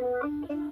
Thank you.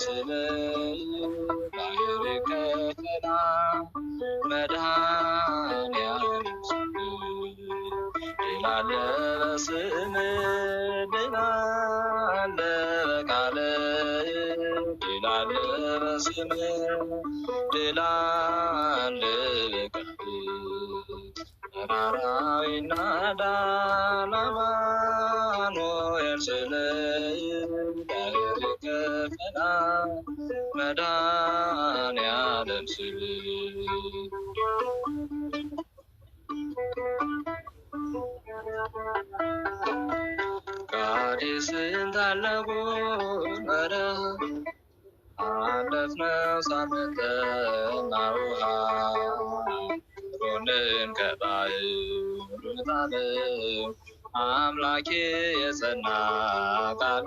ስለኝ ባህር ከፈላ መድኃኒዓለም ስል ቃዴስን ታለቁን መረ አለት ነው አምላኬ የጸና ቃል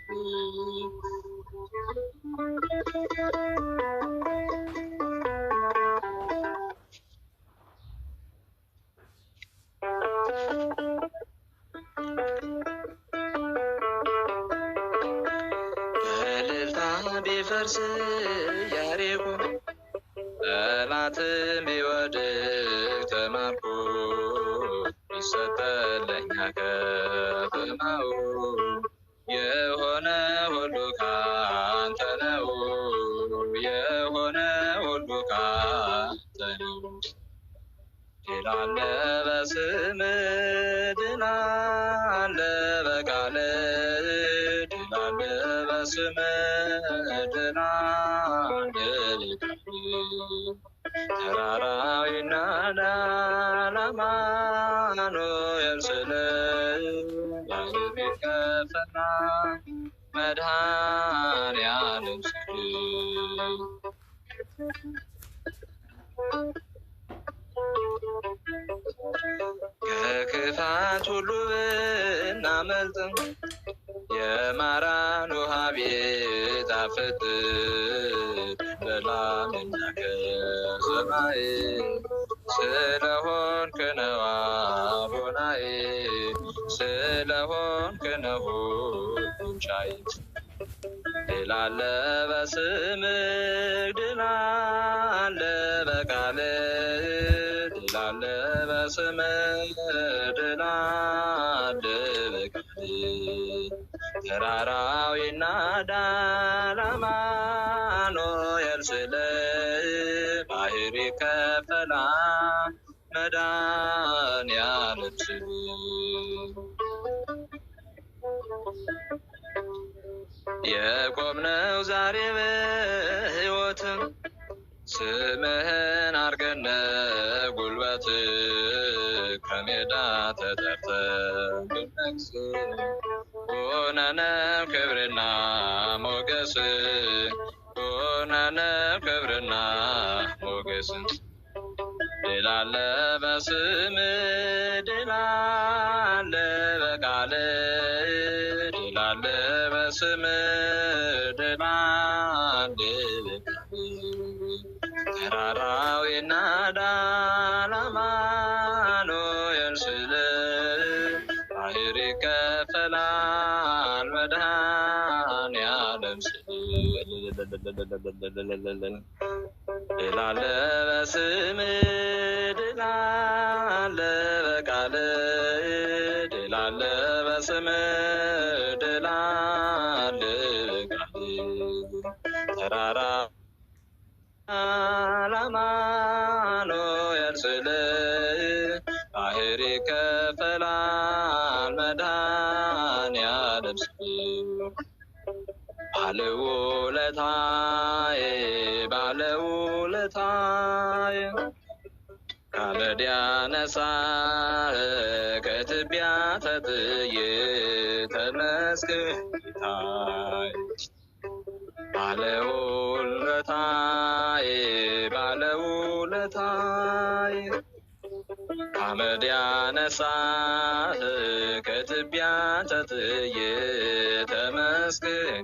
ቢፈርስ ያሬቁ ጠላት ቢወድቅ ተማርኩ ይሰጠለኝ ላለ በስም ድናለ በቃል ድናለ በስም ድናለ ተራራው ይናዳል አማኑኤል ስለ ያዕቆብ የከፈና መድኃኔዓለም ከቀናት ሁሉ ብናመልጥም የማራን ውሃ ቢጣፍጥ ሰላም እኛ ከሰማይ ስለሆንክ ነው አቦናይ ቻይ ድላለ በስምህ ድላለ በቃልህ ስመ ድናድ በግድ ተራራው ይናዳል አማኑኤል ስለ ባህር የቆምነው ዛሬ በሕይወትም ስምህን እንግዳ ተጠርተን ብንነግስ ክብርና ሞገስ ሆነንም ክብርና ሞገስ ድል በስም ድል በቃል ድል በስም ድል አለ ተራራው ድላለ በስም ድላለ በቃል ድላለ በስም በቃል ተራራ ስል ባህር ይከፈላል ባለውለታዬ ባለውለታዬ ከአመድ ያነሳ ከትቢያ ተጥዬ ተመስገን ባለውለታዬ ባለውለታዬ ከአመድ ያነሳ ከትቢያ ተጥዬ ተመስገን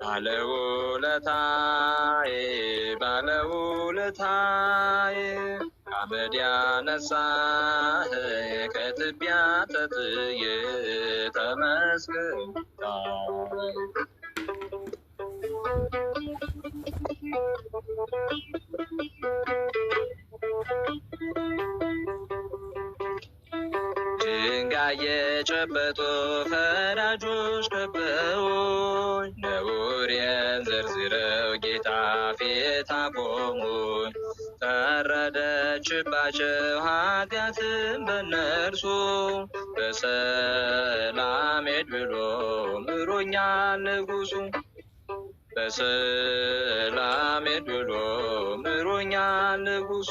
ባለውለታዬ ባለውለታዬ አመድ ያነሳህ ከትቢያ ተጥዬ ተመስገን Thank you. ድንጋይ የጨበጡ ፈራጆች ከበውኝ ነውሬን ዘርዝረው ጌታ ፊት አቆሙኝ። ታረደችባቸው ኃጢአትን በነርሱ በሰላም ሂድ ብሎ ምሮኛል ንጉሱ በሰላም ሂድ ብሎ ምሮኛል ንጉሱ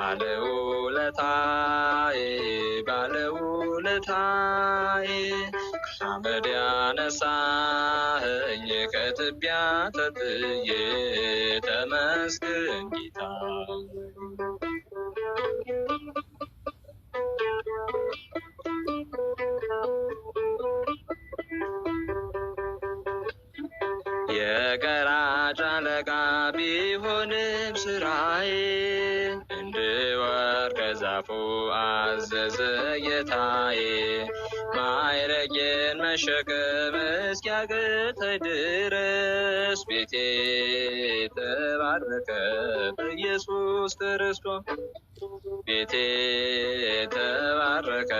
ባለውለታዬ ባለውለታዬ ከአመድ ያነሳኸኝ ከትቢያ ተጥዬ ተመስገን ጌታ። የገራጅ አለቃ ቢሆንም ስራዬ አዘዘ ጌታዬ ማይረጌን መሸከም እስኪያቅተኝ ድረስ ቤቴ ተባረከ በኢየሱስ ክርስቶስ ቤቴ ተባረከ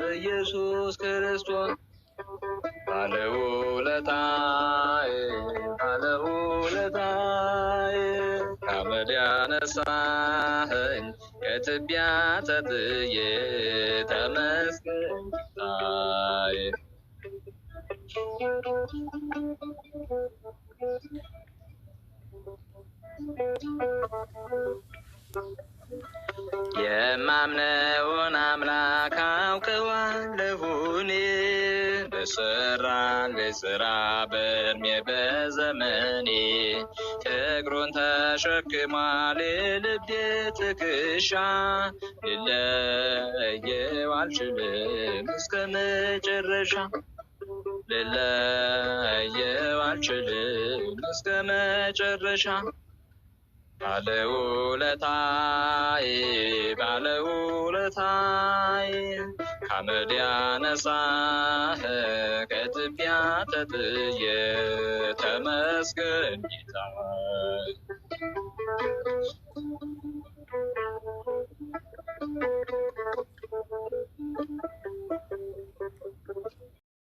በኢየሱስ ክርስቶስ ባለውለታዬ ባለውለታዬ ከአመድ ያነሳኸኝ በትቢያ ተጥዬ ተመስገናዬ የማምነውን አምላክ አውቀዋለሁኔ በሰራ ስራ በእድሜ በዘመኔ ተሸክማ ልልቤ ትከሻ ልለየው አልችልም እስከ መጨረሻ ልለየው አልችልም እስከ መጨረሻ ባለውለታይ ባለውለታይ ከአመድ ያነሳህ ከትቢያ ተጥዬ ተመስገን ጌታ። Thank you.